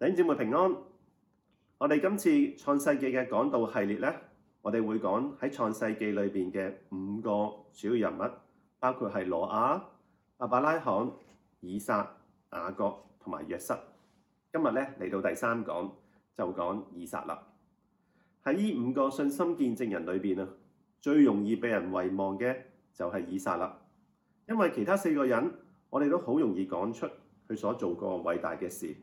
弟兄姐妹平安。我哋今次創世記嘅講道系列咧，我哋會講喺創世記裏邊嘅五個主要人物，包括係挪亞、亞伯拉罕、以撒、雅各同埋約瑟。今日咧嚟到第三講，就講以撒啦。喺呢五個信心見證人裏邊啊，最容易被人遺忘嘅就係以撒啦，因為其他四個人我哋都好容易講出佢所做過偉大嘅事。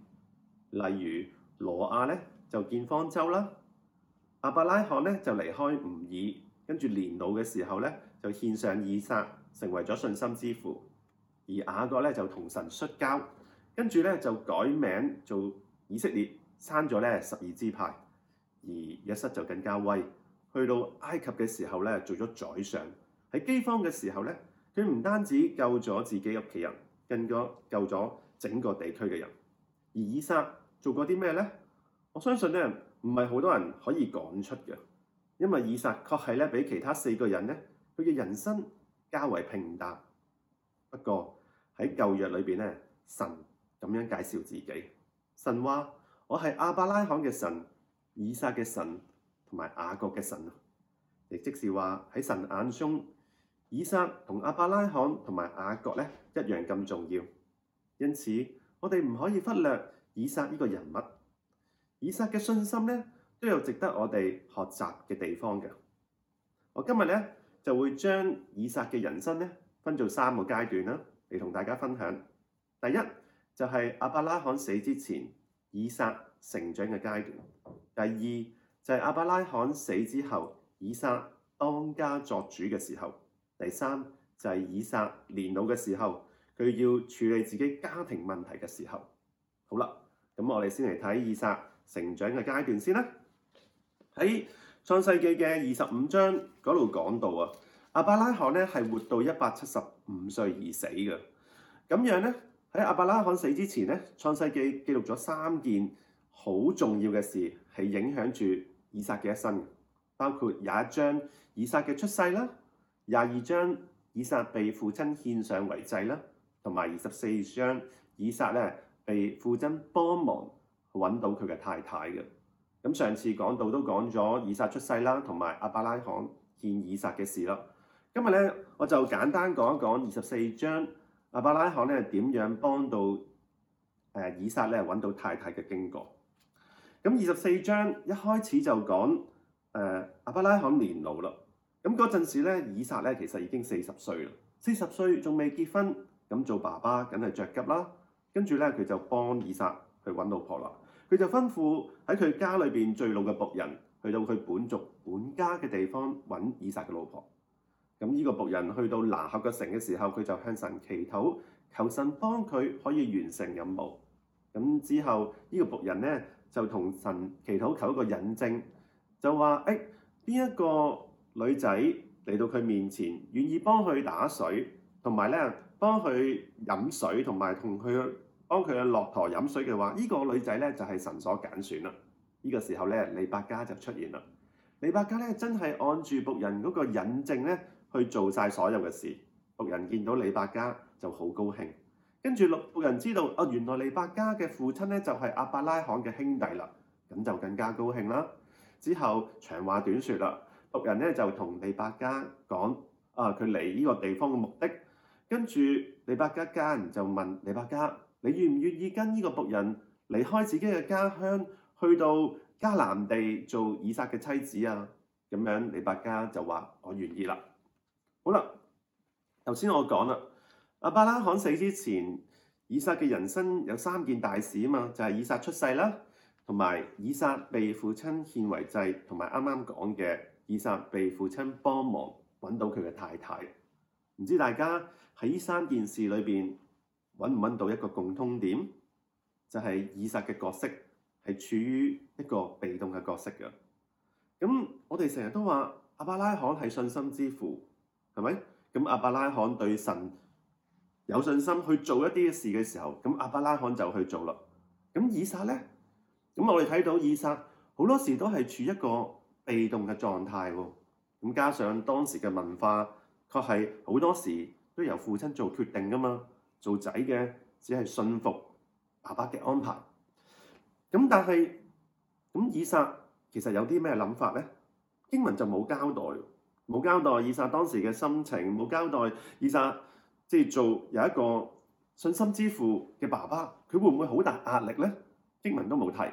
例如挪亞咧就建方舟啦，亞伯拉罕咧就離開吾珥，跟住年老嘅時候咧就獻上以撒，成為咗信心之父。而雅各咧就同神摔跤，跟住咧就改名做以色列，生咗咧十二支派。而約瑟就更加威，去到埃及嘅時候咧做咗宰相。喺饑荒嘅時候咧，佢唔單止救咗自己屋企人，更加救咗整個地區嘅人。而以撒做過啲咩呢？我相信咧，唔係好多人可以講出嘅，因為以撒確係咧比其他四個人咧，佢嘅人生較為平淡。不過喺舊約裏邊咧，神咁樣介紹自己，神話我係亞伯拉罕嘅神，以撒嘅神，同埋雅各嘅神，亦即是話喺神眼中，以撒同亞伯拉罕同埋雅各咧一樣咁重要。因此，我哋唔可以忽略。以撒呢個人物，以撒嘅信心咧都有值得我哋學習嘅地方嘅。我今日咧就會將以撒嘅人生咧分做三個階段啦，嚟同大家分享。第一就係亞伯拉罕死之前，以撒成長嘅階段；第二就係亞伯拉罕死之後，以撒當家作主嘅時候；第三就係以撒年老嘅時候，佢要處理自己家庭問題嘅時候。好啦。咁我哋先嚟睇以撒成長嘅階段先啦。喺創世記嘅二十五章嗰度講到啊，阿伯拉罕咧係活到一百七十五歲而死嘅。咁樣咧喺阿伯拉罕死之前咧，創世記記錄咗三件好重要嘅事，係影響住以撒嘅一生，包括廿一章以撒嘅出世啦，廿二章以撒被父親獻上為祭啦，同埋二十四章以撒咧被父親幫忙揾到佢嘅太太嘅。咁上次講到都講咗以撒出世啦，同埋阿伯拉罕見以撒嘅事咯。今日呢，我就簡單講一講二十四章阿伯拉罕咧點樣幫到以撒咧揾到太太嘅經過。咁二十四章一開始就講呃，阿伯拉罕年老啦。咁嗰陣時咧以撒咧其實已經四十歲啦，四十歲仲未結婚，咁做爸爸梗係着急啦。跟住呢，佢就幫以撒去揾老婆啦。佢就吩咐喺佢家裏邊最老嘅僕人去到佢本族本家嘅地方揾以撒嘅老婆。咁呢個僕人去到拿鶴嘅城嘅時候，佢就向神祈禱，求神幫佢可以完成任務。咁之後，呢個僕人呢，就同神祈禱求一個引證，就話：誒邊一個女仔嚟到佢面前，願意幫佢打水，同埋呢幫佢飲水，同埋同佢。當佢嘅駱駝飲水嘅話，呢、這個女仔呢就係、是、神所揀選啦。呢、這個時候呢，利百加就出現啦。利百加呢真係按住僕人嗰個引證呢去做晒所有嘅事。僕人見到利百加就好高興，跟住僕人知道啊，原來利百加嘅父親呢就係、是、亞伯拉罕嘅兄弟啦，咁就更加高興啦。之後長話短説啦，僕人呢就同利百加講啊，佢嚟呢個地方嘅目的。跟住利百加家人就問利百加，你願唔願意跟呢個僕人離開自己嘅家鄉，去到迦南地做以撒嘅妻子啊？咁樣，利百加就話我願意啦。好啦，頭先我講啦，亞伯拉罕死之前，以撒嘅人生有三件大事啊嘛，就係以撒出世啦，同埋以撒被父親獻為祭，同埋啱啱講嘅以撒被父親幫忙揾到佢嘅太太。唔知大家喺呢三件事裏邊？揾唔揾到一個共通點，就係以撒嘅角色係處於一個被動嘅角色㗎。咁我哋成日都話阿伯拉罕係信心之父，係咪？咁阿伯拉罕對神有信心去做一啲事嘅時候，咁阿伯拉罕就去做啦。咁以撒呢？咁我哋睇到以撒好多時都係處於一個被動嘅狀態喎。咁加上當時嘅文化，確係好多時都由父親做決定㗎嘛。做仔嘅只係信服爸爸嘅安排，咁但係咁以撒其實有啲咩諗法咧？經文就冇交代，冇交代以撒當時嘅心情，冇交代以撒即係、就是、做有一個信心之父嘅爸爸，佢會唔會好大壓力咧？經文都冇提。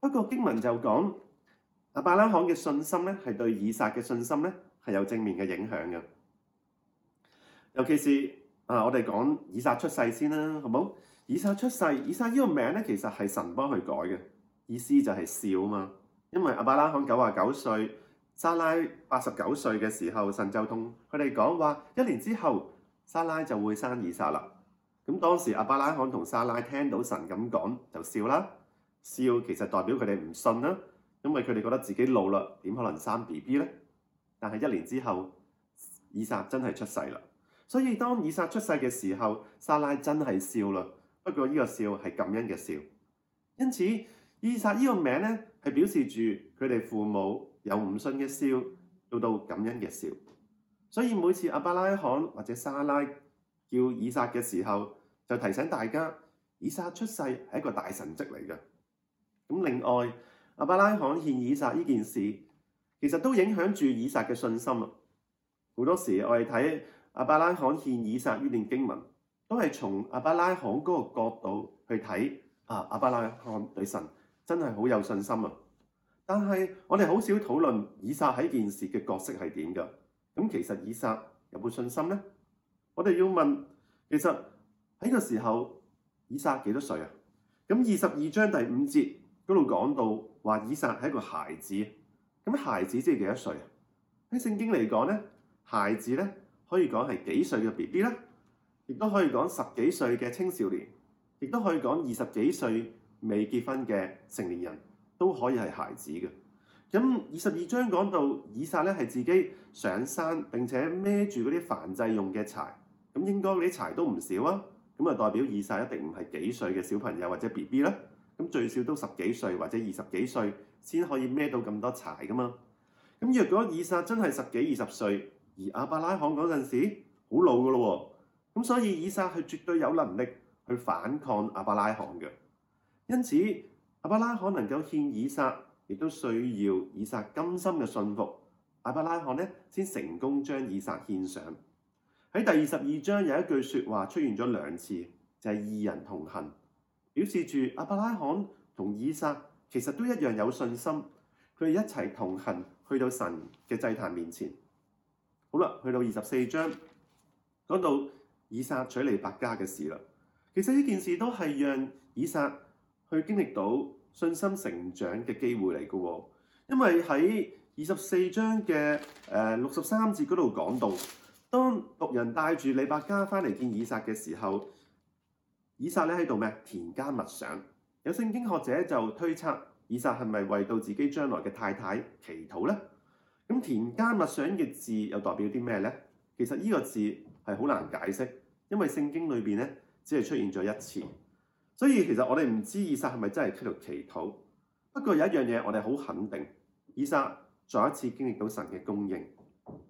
不過經文就講亞伯拉罕嘅信心咧，係對以撒嘅信心咧係有正面嘅影響嘅，尤其是。啊！我哋講以撒出世先啦，好冇？以撒出世，以撒呢個名咧，其實係神幫佢改嘅，意思就係笑嘛。因為亞伯拉罕九十九歲，撒拉八十九歲嘅時候，神就同佢哋講話，一年之後撒拉就會生以撒啦。咁當時亞伯拉罕同撒拉聽到神咁講就笑啦，笑其實代表佢哋唔信啦，因為佢哋覺得自己老啦，點可能生 BB 咧？但係一年之後，以撒真係出世啦。所以當以撒出世嘅時候，撒拉真係笑啦。不過呢個笑係感恩嘅笑，因此以撒呢個名咧，係表示住佢哋父母有唔信嘅笑做到感恩嘅笑。所以每次阿伯拉罕或者撒拉叫以撒嘅時候，就提醒大家以撒出世係一個大神蹟嚟嘅。咁另外阿伯拉罕獻以撒呢件事，其實都影響住以撒嘅信心啊！好多時我哋睇。亞伯拉罕獻以撒於念經文，都係從亞伯拉罕嗰個角度去睇啊。亞伯拉罕對神真係好有信心啊。但係我哋好少討論以撒喺件事嘅角色係點㗎？咁其實以撒有冇信心咧？我哋要問，其實喺個時候以撒幾多歲啊？咁二十二章第五節嗰度講到話以撒係一個孩子，咁孩子即係幾多歲啊？喺聖經嚟講咧，孩子咧。可以講係幾歲嘅 B B 咧，亦都可以講十幾歲嘅青少年，亦都可以講二十幾歲未結婚嘅成年人，都可以係孩子嘅。咁二十二章講到以撒咧，係自己上山並且孭住嗰啲燔祭用嘅柴，咁應該啲柴都唔少啊。咁啊，代表以撒一定唔係幾歲嘅小朋友或者 B B 啦。咁最少都十幾歲或者二十幾歲先可以孭到咁多柴噶嘛。咁若果以撒真係十幾二十歲，而亞伯拉罕嗰陣時好老噶咯喎，咁所以以撒係絕對有能力去反抗亞伯拉罕嘅。因此亞伯拉罕能夠獻以撒，亦都需要以撒甘心嘅信服。亞伯拉罕咧先成功將以撒獻上。喺第二十二章有一句説話出現咗兩次，就係二人同行，表示住亞伯拉罕同以撒其實都一樣有信心，佢哋一齊同行去到神嘅祭壇面前。好啦，去到二十四章講到以撒娶利百加嘅事啦。其實呢件事都係讓以撒去經歷到信心成長嘅機會嚟嘅喎。因為喺二十四章嘅誒六十三節嗰度講到，當僕人帶住利百加翻嚟見以撒嘅時候，以撒咧喺度咩？田間默想。有聖經學者就推測，以撒係咪為到自己將來嘅太太祈禱咧？咁田家密想嘅字又代表啲咩呢？其實呢個字係好難解釋，因為聖經裏邊咧只係出現咗一次，所以其實我哋唔知以撒係咪真係喺度祈禱。不過有一樣嘢我哋好肯定，以撒再一次經歷到神嘅供應，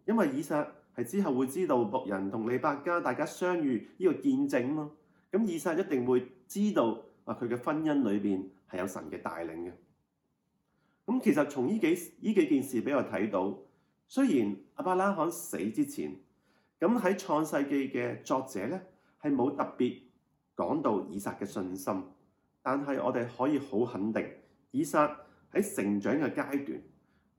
因為以撒係之後會知道僕人同李百家大家相遇呢個見證咯。咁以撒一定會知道啊，佢嘅婚姻裏邊係有神嘅帶領嘅。咁其實從呢幾呢幾件事俾我睇到，雖然阿伯拉罕死之前，咁喺創世記嘅作者呢係冇特別講到以撒嘅信心，但係我哋可以好肯定，以撒喺成長嘅階段，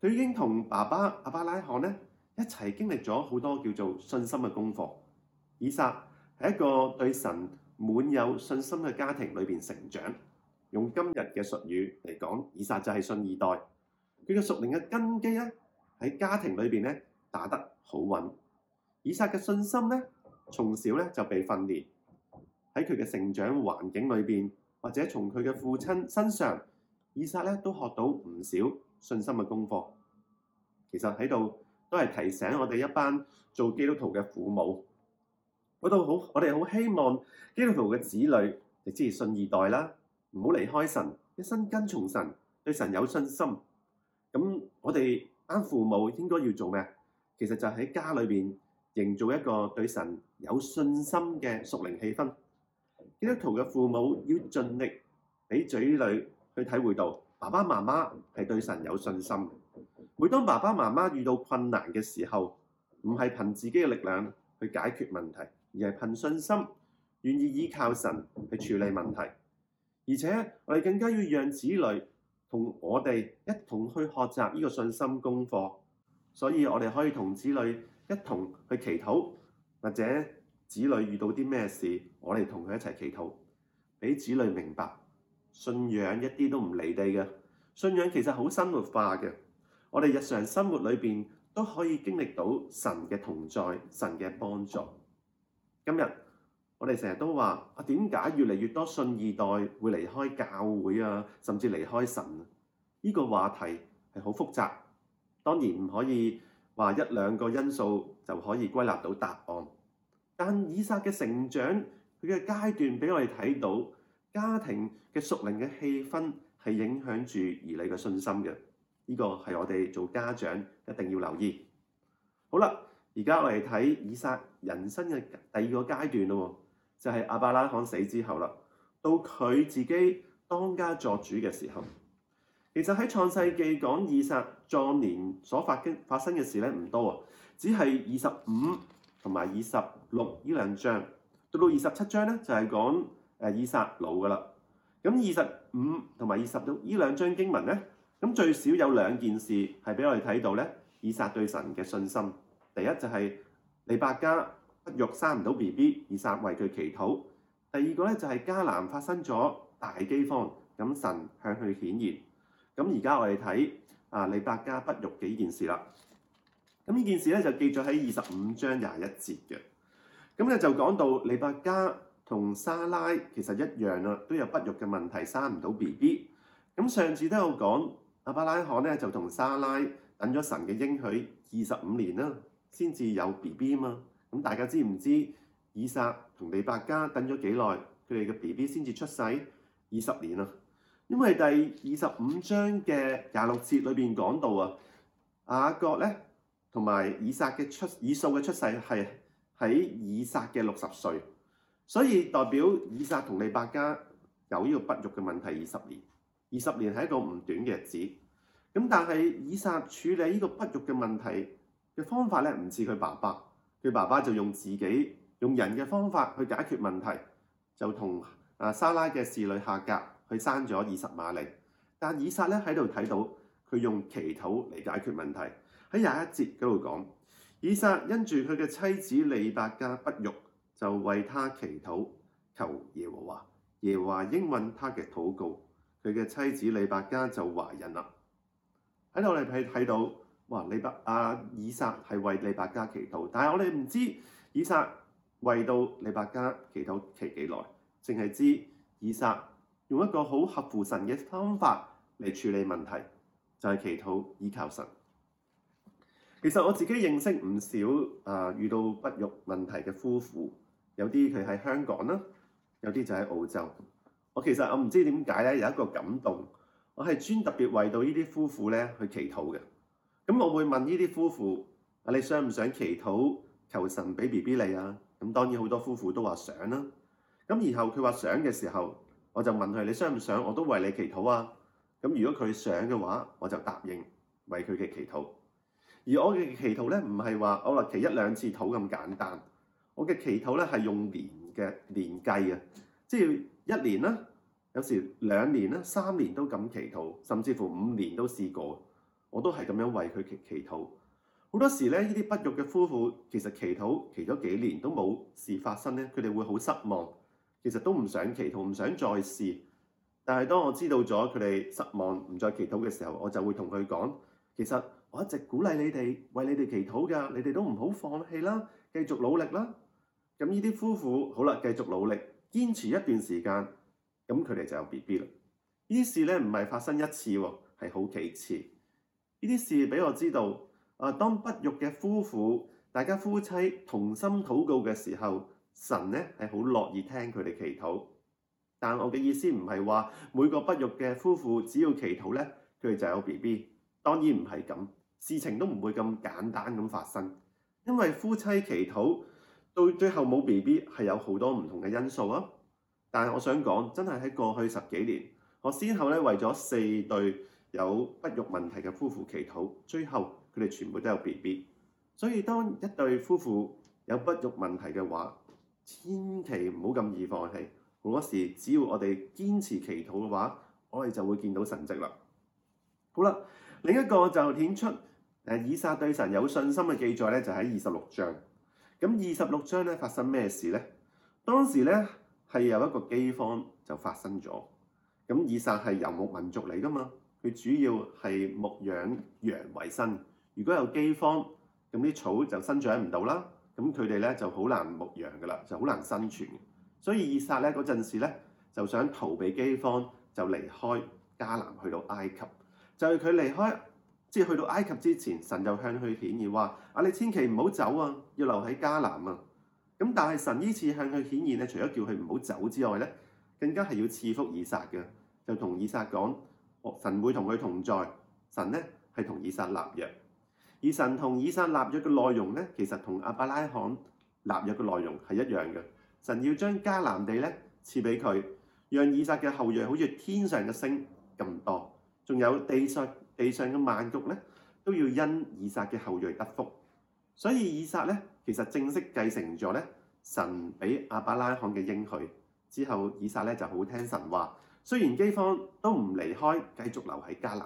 佢已經同爸爸阿伯拉罕呢一齊經歷咗好多叫做信心嘅功課。以撒係一個對神滿有信心嘅家庭裏邊成長。用今日嘅術語嚟講，以撒就係信二代。佢嘅屬靈嘅根基咧，喺家庭裏面打得好穩。以撒嘅信心咧，從小就被訓練，喺佢嘅成長環境裏面，或者從佢嘅父親身上，以撒都學到唔少信心嘅功課。其實喺度都係提醒我哋一班做基督徒嘅父母，我好我哋好希望基督徒嘅子女支持信二代啦。唔好離開神，一生跟從神，對神有信心。咁我哋做父母應該要做咩？其實就喺家裏面營造一個對神有信心嘅屬靈氣氛。基督徒嘅父母要盡力畀子女去體會到爸爸媽媽係對神有信心嘅。每當爸爸媽媽遇到困難嘅時候，唔係憑自己嘅力量去解決問題，而係憑信心願意依靠神去處理問題。而且我哋更加要讓子女同我哋一同去學習呢個信心功課，所以我哋可以同子女一同去祈禱，或者子女遇到啲咩事，我哋同佢一齊祈禱，俾子女明白信仰一啲都唔離地嘅，信仰其實好生活化嘅，我哋日常生活裏邊都可以經歷到神嘅同在、神嘅幫助。今日。我哋成日都話啊，點解越嚟越多信二代會離開教會啊，甚至離開神？呢個話題係好複雜，當然唔可以話一兩個因素就可以歸納到答案。但以撒嘅成長，佢嘅階段俾我哋睇到家庭嘅屬靈嘅氣氛係影響住兒女嘅信心嘅。呢個係我哋做家長一定要留意。好啦，而家我哋睇以撒人生嘅第二個階段咯。就係亞伯拉罕死之後啦，到佢自己當家作主嘅時候，其實喺創世記講以撒壯年所發經發生嘅事咧唔多啊，只係二十五同埋二十六呢兩章，到到二十七章咧就係、是、講誒以撒老噶啦。咁二十五同埋二十六呢兩章經文咧，咁最少有兩件事係俾我哋睇到咧，以撒對神嘅信心。第一就係利百加、不育生唔到 B B，以撒為佢祈禱。第二個咧就係、是、迦南發生咗大饑荒，咁神向佢顯現。咁而家我哋睇啊，利百加不育嘅呢件事啦。咁呢件事咧就記咗喺二十五章廿一節嘅。咁咧就講到利百加同撒拉其實一樣啦、啊，都有不育嘅問題，生唔到 B B。咁上次都有講亞伯拉罕咧就同撒拉等咗神嘅應許二十五年啦、啊，先至有 B B 嘛。咁大家知唔知以撒同利百加等咗幾耐？佢哋嘅 B B 先至出世二十年啊！因為第二十五章嘅廿六節裏邊講到啊，雅各咧同埋以撒嘅出以掃嘅出世係喺以撒嘅六十歲，所以代表以撒同利百加有呢個不育嘅問題二十年。二十年係一個唔短嘅日子。咁但係以撒處理呢個不育嘅問題嘅方法咧，唔似佢爸爸。佢爸爸就用自己用人嘅方法去解決問題，就同啊撒拉嘅侍女夏甲去生咗以實瑪利。但以撒咧，喺度睇到佢用祈禱嚟解決問題，喺廿一節嗰度講，以撒因住佢嘅妻子利百加不育，就為他祈禱，求耶和華，耶和華應允他嘅禱告，佢嘅妻子利百加就懷孕啦。喺度你睇睇到。哇！利百加以撒係為利百加祈禱，但係我哋唔知以撒為到利百加祈禱期幾耐，淨係知以撒用一個好合乎神嘅方法嚟處理問題，就係、是、祈禱依靠神。其實我自己認識唔少啊、呃，遇到不育問題嘅夫婦，有啲佢喺香港啦，有啲就喺澳洲。我其實我唔知點解咧，有一個感動，我係專特別為到呢啲夫婦咧去祈禱嘅。咁我會問呢啲夫婦：啊，你想唔想祈禱求神俾 BB 你啊？咁當然好多夫婦都話想啦、啊。咁然後佢話想嘅時候，我就問佢：你想唔想我都為你祈禱啊？咁如果佢想嘅話，我就答應為佢嘅祈禱。而我嘅祈禱咧，唔係話我話祈一兩次禱咁簡單。我嘅祈禱咧係用年嘅年計呀，即係一年啦，有時兩年啦，三年都咁祈禱，甚至乎五年都試過。我都係咁樣為佢祈禱。好多時咧，呢啲不育嘅夫婦其實祈禱祈咗幾年都冇事發生咧，佢哋會好失望。其實都唔想祈禱，唔想再試。但係當我知道咗佢哋失望唔再祈禱嘅時候，我就會同佢講：其實我一直鼓勵你哋為你哋祈禱㗎，你哋都唔好放棄啦，繼續努力啦。咁呢啲夫婦好啦，繼續努力，堅持一段時間，咁佢哋就有 BB 啦。於是咧，唔係發生一次喎，係好幾次。呢啲事俾我知道，啊，當不育嘅夫婦，大家夫妻同心禱告嘅時候，神咧係好樂意聽佢哋祈禱。但我嘅意思唔係話每個不育嘅夫婦只要祈禱咧，佢哋就有 B B。當然唔係咁，事情都唔會咁簡單咁發生。因為夫妻祈禱到最後冇 B B 係有好多唔同嘅因素啊。但係我想講，真係喺過去十幾年，我先後咧為咗四對。有不育問題嘅夫婦祈禱，最後佢哋全部都有 BB。所以當一對夫婦有不育問題嘅話，千祈唔好咁易放棄。嗰時只要我哋堅持祈禱嘅話，我哋就會見到神跡啦。好啦，另一個就顯出誒以撒對神有信心嘅記載咧，就喺二十六章。咁二十六章咧發生咩事呢？當時咧係有一個饑荒就發生咗。咁以撒係游牧民族嚟㗎嘛？佢主要係牧養羊，羊為生。如果有饑荒，咁啲草就生長唔到啦。咁佢哋咧就好難牧羊噶啦，就好難生存。所以以撒咧嗰陣時咧就想逃避饑荒，就離開迦南去到埃及。就係、是、佢離開即係去到埃及之前，神就向佢顯現話：啊，你千祈唔好走啊，要留喺迦南啊。咁但係神呢次向佢顯現咧，除咗叫佢唔好走之外咧，更加係要賜福以撒嘅，就同以撒講。神會同佢同在，神咧係同以撒立約，而神同以撒立約嘅內容咧，其實同亞伯拉罕立約嘅內容係一樣嘅。神要將迦南地咧賜俾佢，讓以撒嘅後裔好似天上嘅星咁多，仲有地上地上嘅萬國咧都要因以撒嘅後裔得福。所以以撒咧其實正式繼承咗咧神俾亞伯拉罕嘅應許，之後以撒咧就好聽神話，雖然飢荒都唔離開，繼續留喺迦南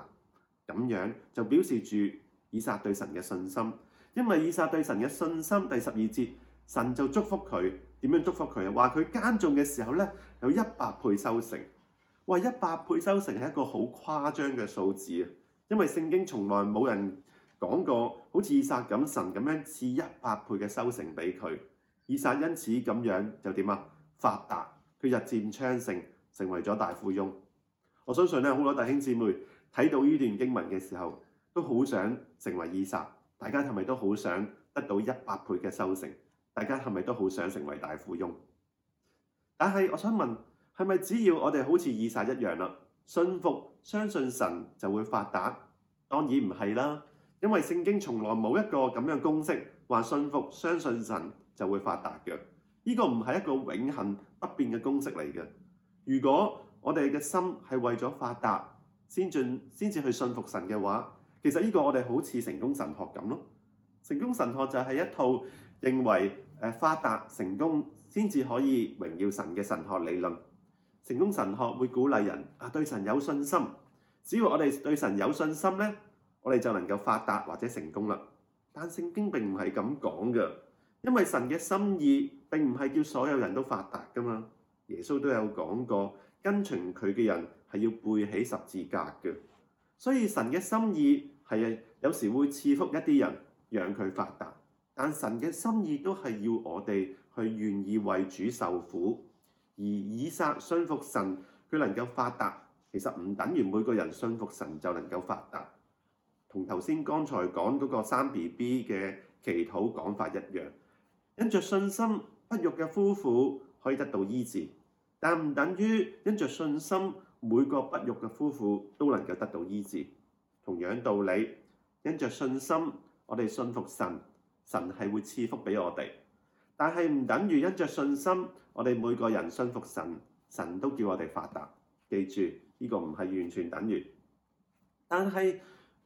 咁樣，就表示住以撒對神嘅信心。因為以撒對神嘅信心，第十二節神就祝福佢。點樣祝福佢啊？話佢耕種嘅時候咧有一百倍收成。哇！一百倍收成係一個好誇張嘅數字啊！因為聖經從來冇人講過好似以撒咁神咁樣賜一百倍嘅收成俾佢。以撒因此咁樣就點啊？發達，佢日漸昌盛。成為咗大富翁，我相信咧，好多弟兄姊妹睇到呢段經文嘅時候，都好想成為以撒。大家係咪都好想得到一百倍嘅收成？大家係咪都好想成為大富翁？但係我想問，係咪只要我哋好似以撒一樣啦，信服相信神就會發達？當然唔係啦，因為聖經從來冇一個咁樣公式話信服相信神就會發達嘅。呢、這個唔係一個永恆不變嘅公式嚟嘅。如果我哋嘅心係為咗發達先進先至去信服神嘅話，其實呢個我哋好似成功神學咁咯。成功神學就係一套認為誒發達成功先至可以榮耀神嘅神學理論。成功神學會鼓勵人啊，對神有信心。只要我哋對神有信心呢，我哋就能夠發達或者成功啦。但聖經並唔係咁講㗎，因為神嘅心意並唔係叫所有人都發達噶嘛。耶穌都有講過，跟從佢嘅人係要背起十字架嘅。所以神嘅心意係有時會賜福一啲人，讓佢發達。但神嘅心意都係要我哋去願意為主受苦。而以撒信服神，佢能夠發達，其實唔等於每個人信服神就能夠發達。同頭先剛才講嗰個生 B B 嘅祈禱講法一樣，因着信心不育嘅夫婦。可以得到醫治，但唔等於因着信心每個不育嘅夫婦都能夠得到醫治。同樣道理，因着信心，我哋信服神，神係會賜福俾我哋。但係唔等於因着信心，我哋每個人信服神，神都叫我哋發達。記住，呢個唔係完全等於。但係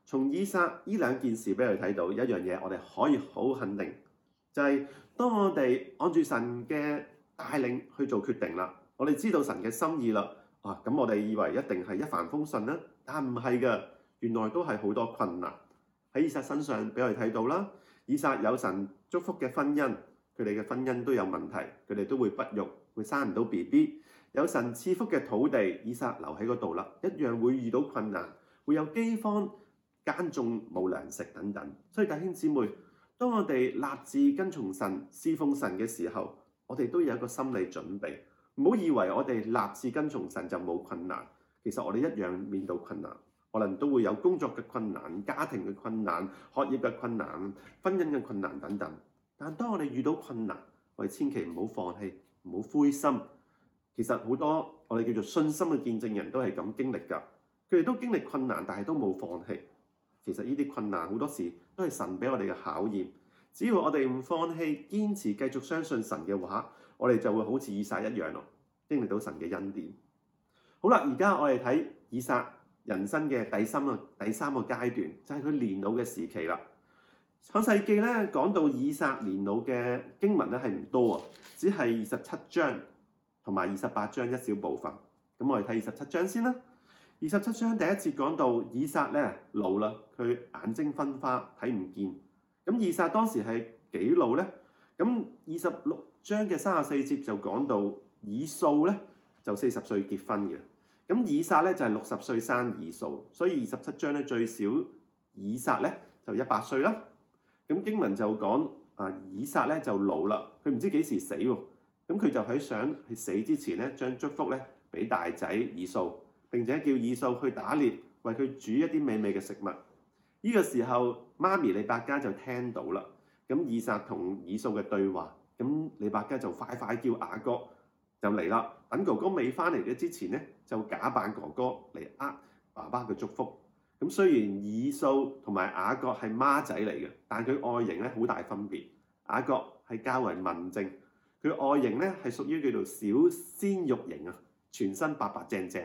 從以撒呢兩件事俾佢睇到一樣嘢，我哋可以好肯定，就係當我哋按住神嘅。帶領去做決定啦！我哋知道神嘅心意啦，啊咁我哋以為一定係一帆風順啦，但唔係噶，原來都係好多困難喺以撒身上俾我哋睇到啦。以撒有神祝福嘅婚姻，佢哋嘅婚姻都有問題，佢哋都會不育，會生唔到 BB。有神賜福嘅土地，以撒留喺嗰度啦，一樣會遇到困難，會有饑荒、耕種冇糧食等等。所以弟兄姊妹，當我哋立志跟從神、侍奉神嘅時候，我哋都有一個心理準備，唔好以為我哋立志跟從神就冇困難。其實我哋一樣面對困難，可能都會有工作嘅困難、家庭嘅困難、學業嘅困難、婚姻嘅困難等等。但當我哋遇到困難，我哋千祈唔好放棄，唔好灰心。其實好多我哋叫做信心嘅見證人都係咁經歷㗎，佢哋都經歷困難，但係都冇放棄。其實呢啲困難好多時都係神俾我哋嘅考驗。只要我哋唔放棄，堅持繼續相信神嘅話，我哋就會好似以撒一樣咯，經歷到神嘅恩典。好啦，而家我哋睇以撒人生嘅第三個第三個階段，就係、是、佢年老嘅時期啦。上世記咧講到以撒年老嘅經文咧係唔多啊，只係二十七章同埋二十八章一小部分。咁我哋睇二十七章先啦。二十七章第一節講到以撒咧老啦，佢眼睛昏花，睇唔見。咁以撒當時係幾老呢？咁二十六章嘅三十四節就講到以掃呢，就四十歲結婚嘅，咁以撒呢，就係六十歲生以掃，所以二十七章咧最少以撒呢，就一百歲啦。咁經文就講啊，以撒呢，就老啦，佢唔知幾時死喎。咁佢就喺想喺死之前呢，將祝福呢俾大仔以掃，並且叫以掃去打獵，為佢煮一啲美味嘅食物。呢個時候，媽咪利百加就聽到啦。咁以撒同以掃嘅對話，咁利百加就快快叫雅各就嚟啦。等哥哥未翻嚟嘅之前咧，就假扮哥哥嚟呃爸爸嘅祝福。咁雖然以掃同埋雅各係孖仔嚟嘅，但佢外形咧好大分別。雅各係較為文靜，佢外形咧係屬於叫做小鮮肉型啊，全身白白淨淨。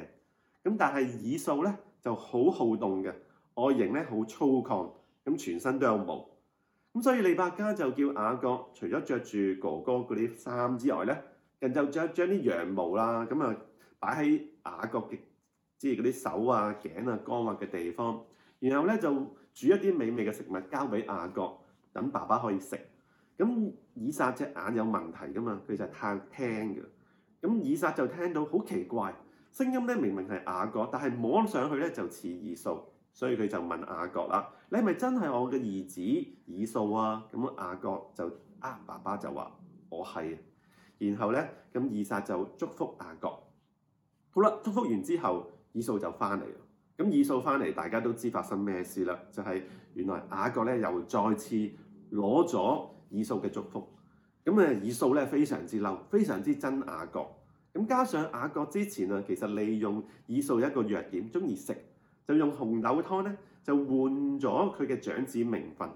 咁但係以掃咧就好好動嘅。外形咧好粗獷，咁全身都有毛，咁所以利百加就叫雅各。除咗着住哥哥嗰啲衫之外咧，人就着將啲羊毛啦，咁啊擺喺雅各嘅即係嗰啲手啊、頸啊、乾滑嘅地方。然後咧就煮一啲美味嘅食物交俾雅各，等爸爸可以食。咁以撒隻眼有問題㗎嘛，佢就太聽㗎。咁以撒就聽到好奇怪聲音咧，明明係雅各，但係摸上去咧就似以掃。所以佢就問雅各啦，你係咪真係我嘅兒子以掃啊？咁雅各就啊，爸爸就話我係、啊。然後咧，咁以撒就祝福雅各。好啦，祝福完之後，以掃就翻嚟。咁、嗯、以掃翻嚟，大家都知發生咩事啦？就係、是、原來雅各咧又再次攞咗以掃嘅祝福。咁、嗯、啊，以掃咧非常之嬲，非常之憎雅各。咁、嗯、加上雅各之前啊，其實利用以掃一個弱點，中意食。就用紅豆湯咧，就換咗佢嘅長子名分。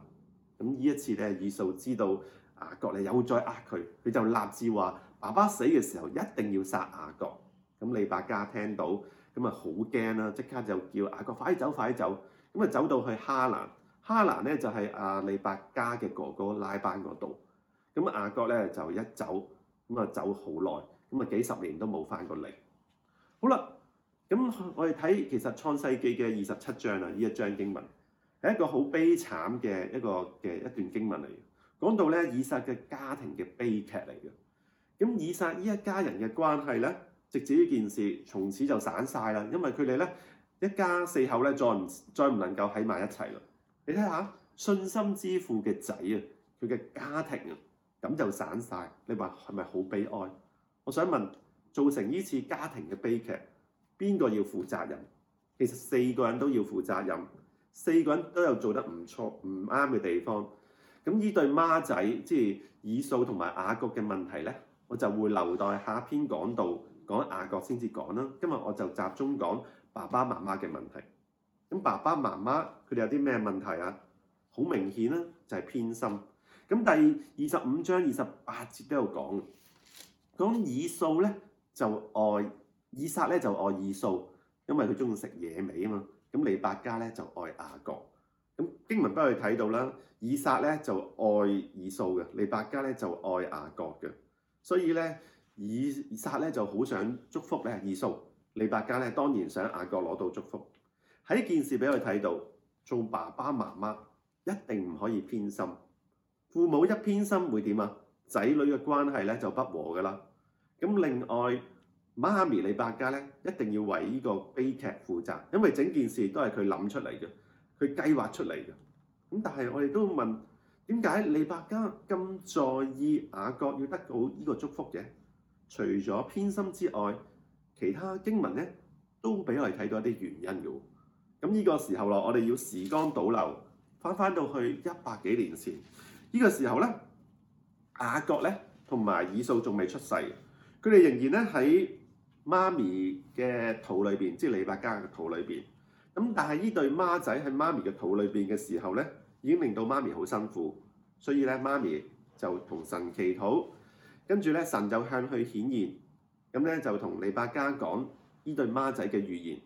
咁呢一次咧，以掃知道雅各你又再呃佢，佢就立志話：爸爸死嘅時候一定要殺雅各。咁利百加聽到，咁啊好驚啦，即刻就叫雅各快走快走。咁啊走，走到去哈蘭，哈蘭咧就係、是、阿、啊、利百加嘅哥哥拉班嗰度。咁雅各咧就一走，咁啊走好耐，咁啊幾十年都冇返過嚟。好啦。咁我哋睇其實創世記嘅二十七章啦，呢一章經文係一個好悲慘嘅一個嘅一段經文嚟嘅，講到咧以撒嘅家庭嘅悲劇嚟嘅。咁以撒呢一家人嘅關係咧，直至呢件事，從此就散晒啦。因為佢哋咧一家四口咧，再唔再唔能夠喺埋一齊啦？你睇下信心之父嘅仔啊，佢嘅家庭啊，咁就散晒。你話係咪好悲哀？我想問造成呢次家庭嘅悲劇。邊個要負責任？其實四個人都要負責任，四個人都有做得唔錯唔啱嘅地方。咁呢對孖仔，即係以掃同埋雅各嘅問題咧，我就會留待下篇講到，講雅各先至講啦。今日我就集中講爸爸媽媽嘅問題。咁爸爸媽媽佢哋有啲咩問題啊？好明顯啦，就係偏心。咁第二十五章二十八節都有講。咁以掃咧就愛。以撒咧就愛以掃，因為佢中意食野味啊嘛。咁利百加咧就愛雅各。咁經文俾佢睇到啦，以撒咧就愛以掃嘅，利百加咧就愛雅各嘅。所以咧，以以撒咧就好想祝福咧以掃。利百加咧當然想雅各攞到祝福。喺呢件事俾佢睇到，做爸爸媽媽一定唔可以偏心。父母一偏心會點啊？仔女嘅關係咧就不和噶啦。咁另外，媽咪利百加咧，一定要為呢個悲劇負責，因為整件事都係佢諗出嚟嘅，佢計劃出嚟嘅。咁但係我哋都問點解利百加咁在意雅各要得到呢個祝福嘅？除咗偏心之外，其他經文咧都俾我哋睇到一啲原因嘅。咁呢個時候咯，我哋要時光倒流，翻翻到去一百幾年前，呢個時候咧，雅各咧同埋以掃仲未出世，佢哋仍然咧喺媽咪嘅肚裏邊，即係利百加嘅肚裏邊。咁但係呢對孖仔喺媽咪嘅肚裏邊嘅時候咧，已經令到媽咪好辛苦。所以咧，媽咪就同神祈禱，跟住咧神就向佢顯現，咁咧就同利百加講呢對孖仔嘅預言。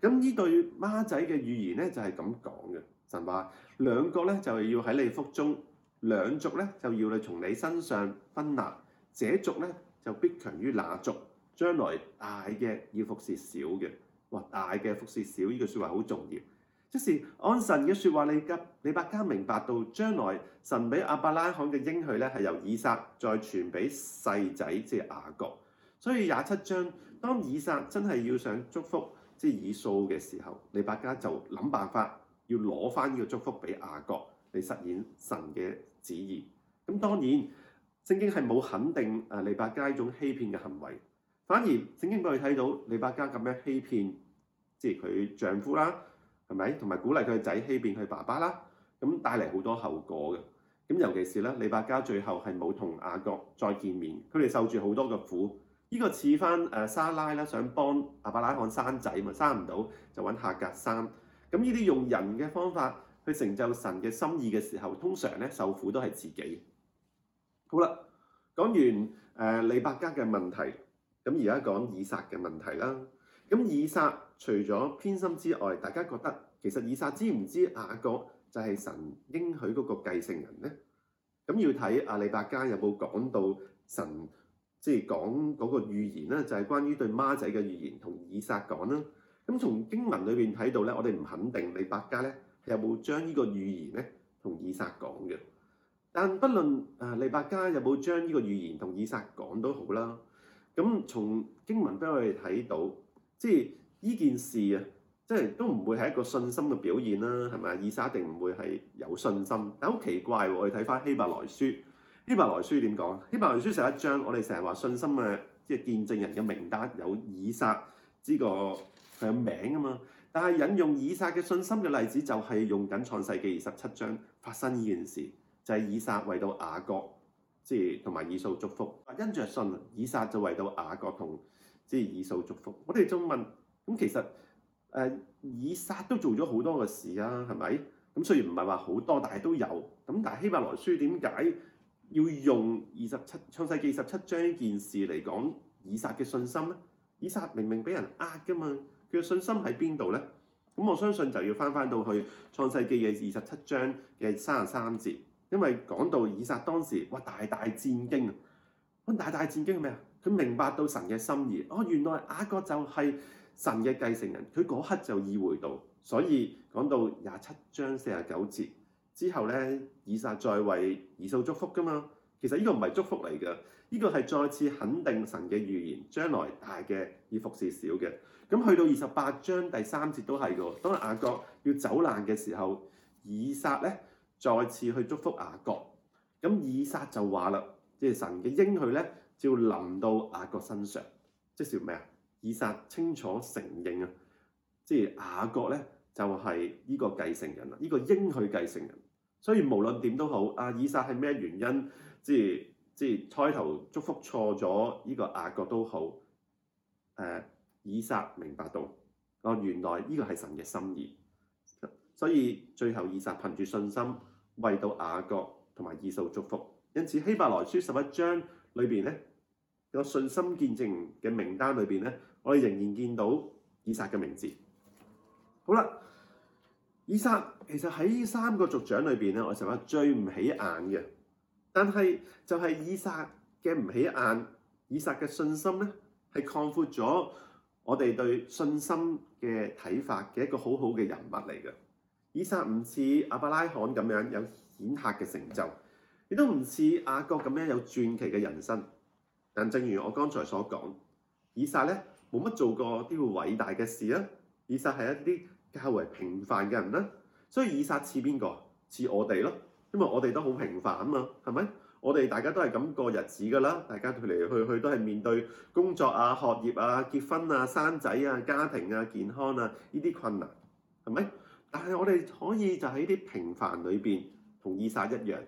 咁呢對孖仔嘅預言咧就係咁講嘅。神話兩國咧就係要喺你腹中，兩族咧就要你從你身上分立，這族咧就必強於那族。將來大嘅要服侍少嘅。哇！大嘅服侍少呢句説話好重要，即是按神嘅説話。利加、利百加明白到將來神俾亞伯拉罕嘅應許咧係由以撒再傳俾細仔，即係雅各。所以廿七章當以撒真係要想祝福即係以掃嘅時候，利百加就諗辦法要攞翻呢個祝福俾雅各嚟實現神嘅旨意。咁當然聖經係冇肯定啊利百加一種欺騙嘅行為。反而聖經俾佢睇到，利百加咁樣欺騙，即係佢丈夫啦，係咪？同埋鼓勵佢個仔欺騙佢爸爸啦，咁帶嚟好多後果嘅。咁尤其是咧，利百加最後係冇同雅各再見面，佢哋受住好多嘅苦。呢、這個似翻誒撒拉啦，想幫亞伯拉罕生仔嘛，生唔到就揾夏甲生。咁呢啲用人嘅方法去成就神嘅心意嘅時候，通常咧受苦都係自己。好啦，講完誒、呃、利百加嘅問題。咁而家講以撒嘅問題啦。咁以撒除咗偏心之外，大家覺得其實以撒知唔知雅各就係神應許嗰個繼承人呢？咁要睇阿利百加有冇講到神即係講嗰個預言啦，就係關於對孖仔嘅預言同以撒講啦。咁從經文裏邊睇到咧，我哋唔肯定利百加咧有冇將呢個預言咧同以撒講嘅。但不論阿利百加有冇將呢個預言同以撒講都好啦。咁從經文都可以睇到，即係呢件事啊，即係都唔會係一個信心嘅表現啦，係咪啊？以撒一定唔會係有信心，但好奇怪喎！我哋睇翻希伯來書，希伯來書點講啊？希伯來書十一章，我哋成日話信心啊，即係見證人嘅名單有以撒，呢個佢有名啊嘛，但係引用以撒嘅信心嘅例子就係、是、用緊創世記二十七章發生呢件事，就係、是、以撒為到雅各。即係同埋以掃祝福，因着信以撒就為到雅各同即係以掃祝福。我哋就問：咁其實誒、呃、以撒都做咗好多嘅事啊，係咪？咁雖然唔係話好多，但係都有。咁但係希伯來書點解要用二十七創世記二十七章呢件事嚟講以撒嘅信心咧？以撒明明俾人呃㗎嘛，佢嘅信心喺邊度咧？咁我相信就要返返到去創世記嘅二十七章嘅三十三節。因為講到以撒當時，哇大大戰驚啊！咁大大戰驚係咩啊？佢明白到神嘅心意，哦原來雅各就係神嘅繼承人，佢嗰刻就意會到。所以講到廿七章四十九節之後咧，以撒再為以掃祝福噶嘛。其實呢個唔係祝福嚟嘅，呢個係再次肯定神嘅預言，將來大嘅以服事小嘅。咁去到二十八章第三節都係嘅。當雅各要走難嘅時候，以撒咧。再次去祝福雅各，咁以撒就話啦，即係神嘅應許咧，就要臨到雅各身上，即係説咩啊？以撒清楚承認啊，即係雅各咧就係、是、呢個繼承人啦，呢、這個應許繼承人。所以無論點都好，啊以撒係咩原因，即係即係開頭祝福錯咗呢個雅各都好，誒、啊、以撒明白到，哦原來呢個係神嘅心意。所以最後，以撒憑住信心為到雅各同埋以掃祝福。因此，《希伯來書》十一章裏邊咧，個信心見證嘅名單裏邊咧，我哋仍然見到以撒嘅名字。好啦，以撒其實喺三個族長裏邊咧，我成日最唔起眼嘅。但係就係以撒嘅唔起眼，以撒嘅信心咧，係擴闊咗我哋對信心嘅睇法嘅一個好好嘅人物嚟嘅。以撒唔似亞伯拉罕咁樣有顯赫嘅成就，亦都唔似雅各咁樣有傳奇嘅人生。但正如我剛才所講，以撒呢冇乜做過啲偉大嘅事啦，以撒係一啲較為平凡嘅人啦。所以以撒似邊個？似我哋咯，因為我哋都好平凡啊嘛，係咪？我哋大家都係咁過日子㗎啦，大家嚟嚟去去都係面對工作啊、學業啊、結婚啊、生仔啊、家庭啊、健康啊呢啲困難，係咪？但係我哋可以就喺啲平凡裏邊，同以撒一樣，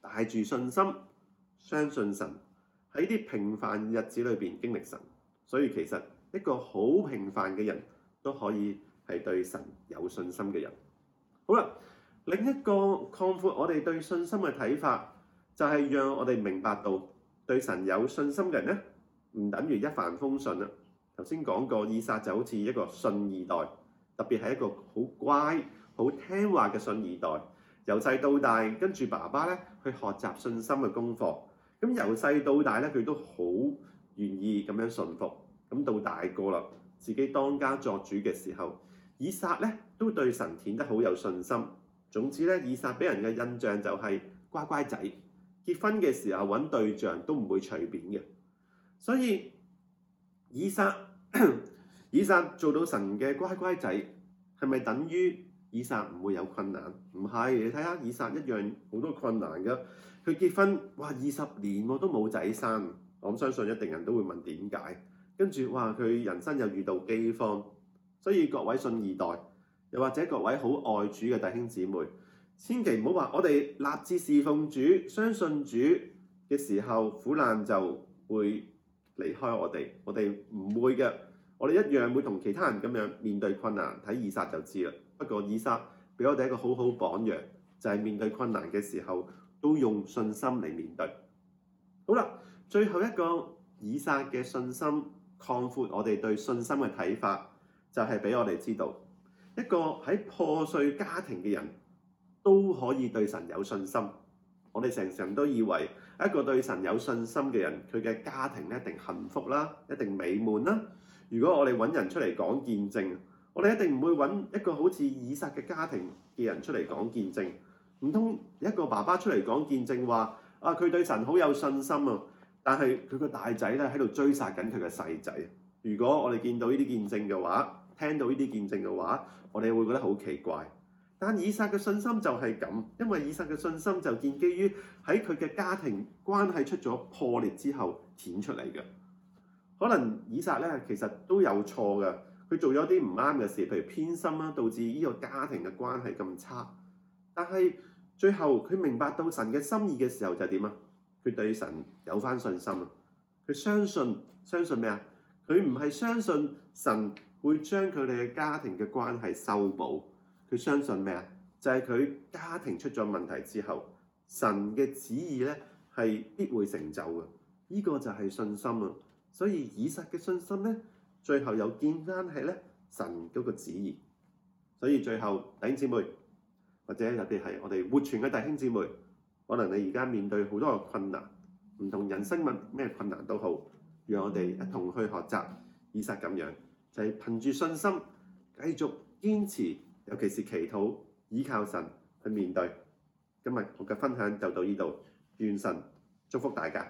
帶住信心，相信神，喺啲平凡日子裏邊經歷神。所以其實一個好平凡嘅人都可以係對神有信心嘅人。好啦，另一個擴闊我哋對信心嘅睇法，就係讓我哋明白到對神有信心嘅人咧，唔等於一帆風順啦。頭先講過以撒就好似一個信二代。特別係一個好乖、好聽話嘅信二代，由細到大跟住爸爸咧去學習信心嘅功課。咁由細到大咧，佢都好願意咁樣順服。咁到大個啦，自己當家作主嘅時候，以撒咧都對神顯得好有信心。總之咧，以撒俾人嘅印象就係乖乖仔。結婚嘅時候揾對象都唔會隨便嘅。所以以撒。 以撒做到神嘅乖乖仔，係咪等於以撒唔會有困難？唔係，你睇下以撒一樣好多困難㗎。佢結婚，哇二十年我、啊、都冇仔生。我相信一定人都會問點解？跟住話，佢人生又遇到饑荒。所以各位信二代，又或者各位好愛主嘅弟兄姊妹，千祈唔好話我哋立志侍奉主、相信主嘅時候，苦難就會離開我哋。我哋唔會嘅。我哋一樣會同其他人咁樣面對困難，睇以撒就知啦。不過，以撒俾我哋一個好好榜樣，就係面對困難嘅時候都用信心嚟面對。好啦，最後一個以撒嘅信心擴闊我哋對信心嘅睇法，就係俾我哋知道一個喺破碎家庭嘅人都可以對神有信心。我哋成成都以為一個對神有信心嘅人，佢嘅家庭一定幸福啦，一定美滿啦。如果我哋揾人出嚟講見證，我哋一定唔會揾一個好似以撒嘅家庭嘅人出嚟講見證。唔通一個爸爸出嚟講見證話啊，佢對神好有信心啊，但係佢個大仔咧，喺度追殺緊佢個細仔。如果我哋見到呢啲見證嘅話，聽到呢啲見證嘅話，我哋會覺得好奇怪。但以撒嘅信心就係咁，因為以撒嘅信心就建基於喺佢嘅家庭關係出咗破裂之後顯出嚟嘅。可能以撒咧，其實都有錯嘅。佢做咗啲唔啱嘅事，譬如偏心啦，導致呢個家庭嘅關係咁差。但係最後佢明白到神嘅心意嘅時候就點啊？佢對神有翻信心啊！佢相信相信咩啊？佢唔係相信神會將佢哋嘅家庭嘅關係修補。佢相信咩啊？就係佢家庭出咗問題之後，神嘅旨意咧係必會成就嘅。呢個就係信心啊！所以以撒嘅信心咧，最後又見翻係咧神嗰個旨意。所以最後弟兄姊妹，或者有啲係我哋活存嘅弟兄姊妹，可能你而家面對好多嘅困難，唔同人生問咩困難都好，讓我哋一同去學習以撒咁樣，就係、是、憑住信心繼續堅持，尤其是祈禱，依靠神去面對。今日我嘅分享就到呢度，願神祝福大家。